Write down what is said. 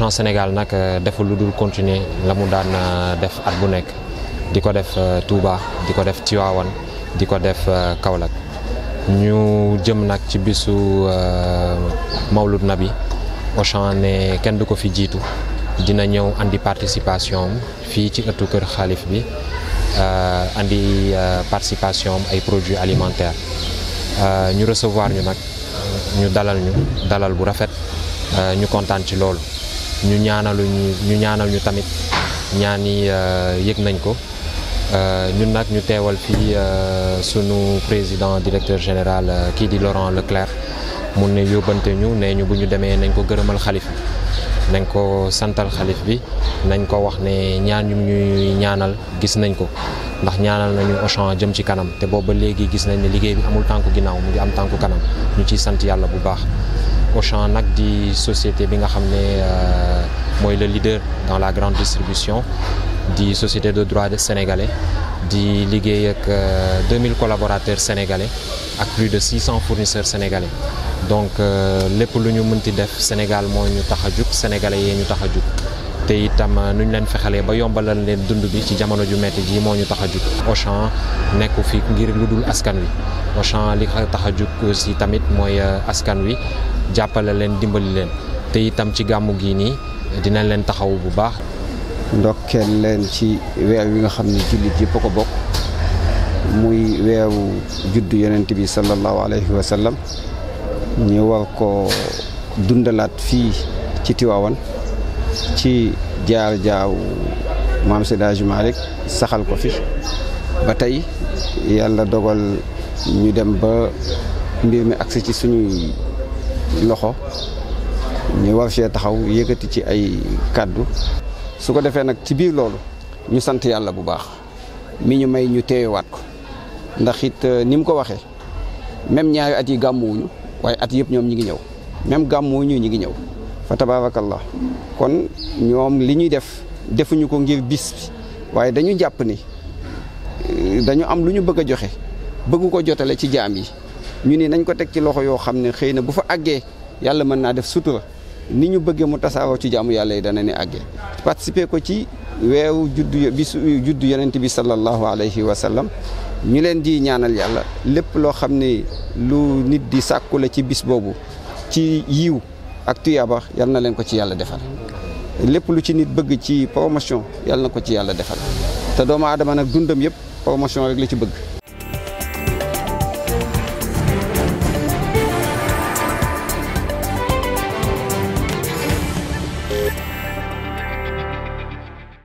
au Sénégal nak euh, deful lu continuer la mu euh, def at bu nek diko def euh, Touba diko def Tivaouane diko def Kaolack ñu jëm nak ci bisu Mawlud Nabi Auchan ne kenn duko fi jitu dina ñew andi participation fi ci ëttu kër xaalif bi andi participation ay produits alimentaires ñu recevoir ñu nak, ñu dalal ñu dalal bu rafet ñu contente ci loolu ñu ñaanalu ñu ñaanal ñu tamit ñaan yi euh, yëg nañ ko euh, ñun nag ñu teewal fii euh, sunu président directeur général kii di Laurent Leclerc mun ne yóbbante ñu nee ñu bu ñu demee nañ ko gërëmal xalifa nañ ko santal xalif bi nañ ko wax ne ñaan ñu ñuy ñaanal gis nañ ko ndax ñaanal nañu Auchan jëm ci kanam te booba léegi gis nañ ne liggéey bi amul tànku ginnaaw mu ngi am tànku kanam ñu ciy sant yàlla bu baax Auchan nag di société bi nga xam ne euh, mooy le leader dans la grande distribution di société de droit de sénégalais di liggéey ak 2000 euh, collaborateurs sénégalais ak plus de 600 fournisseurs sénégalais donc euh, lépp lu ñu mënti def Sénégal moo ñu tax a jug sénégalais yee ñu tax a jug te itam euh, nu ñu leen fexalee ba yombalal leen dund bi ci jamono ju metti ji moo ñu tax a jug Auchan nekku fi ngir lu dul askan wi Auchan li tax a jug tamit mooy euh, askan wi jàppale leen dimbali leen te itam ci gàmmu gii nii dinañ leen taxaw bu baax. ndokkeel leen ci weer yi nga xam ne jullit yëpp a bokk muy weeru juddu yonent bi sallallahu alayhi wa sallam. ñu war ko dundalaat fii ci Tiwaawan ci jaar jaaru maam Seydi Hadji Malick saxal ko fi ba tey yàlla dogal ñu dem ba mbir mi agsi ci suñuy loxo ñu war fee taxaw yëkkati ci ay kàddu su ko defee nag ci biir loolu ñu sant yàlla bu baax mi ñu may ñu teewaat ko ndax it euh, ni mu ko waxee même ñaari at yi gàmmuwuñu waaye at yëpp ñoom ñu ngi ñëw même gàmmu ñu ñi ngi ñëw fa tabaarakallah kon ñoom li ñuy def defuñu ko ngir bis waaye dañu jàpp ni euh, dañu am lu ñu bëgg a joxe bëgg ko jotale ci jaam yi ñu nii nañ ko teg ci loxo yoo xam ne xëy na bu fa àggee yàlla mën naa def sutura ni ñu bëggee mu tasaaroo ci jaamu yàlla yi dana ni àggee participer ko ci weeru juddu bi juddu yonent bi sallallahu alayhi wa sallam ñu leen di ñaanal yàlla lépp loo xam ne lu nit di sàkkula ci bis boobu ci yiw ak tuyaaba yal na leen ko ci yàlla defal lépp lu ci nit bëgg ci promotion yàlla na ko ci yàlla defal te doomu aadama nag dundam yëpp promotion rek la ci bëgg